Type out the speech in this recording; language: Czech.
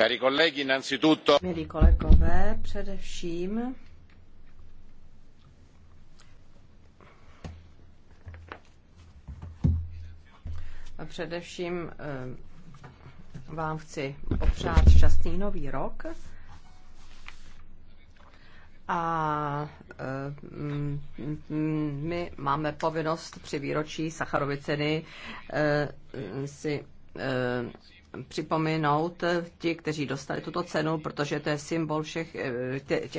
Cari colleghi, innanzitutto... Milí kolegové, především především eh, vám chci popřát šťastný nový rok a eh, mm, my máme povinnost při výročí Sacharovy ceny eh, si připomenout eh, ti, kteří dostali tuto cenu, protože to je symbol všech eh, těch,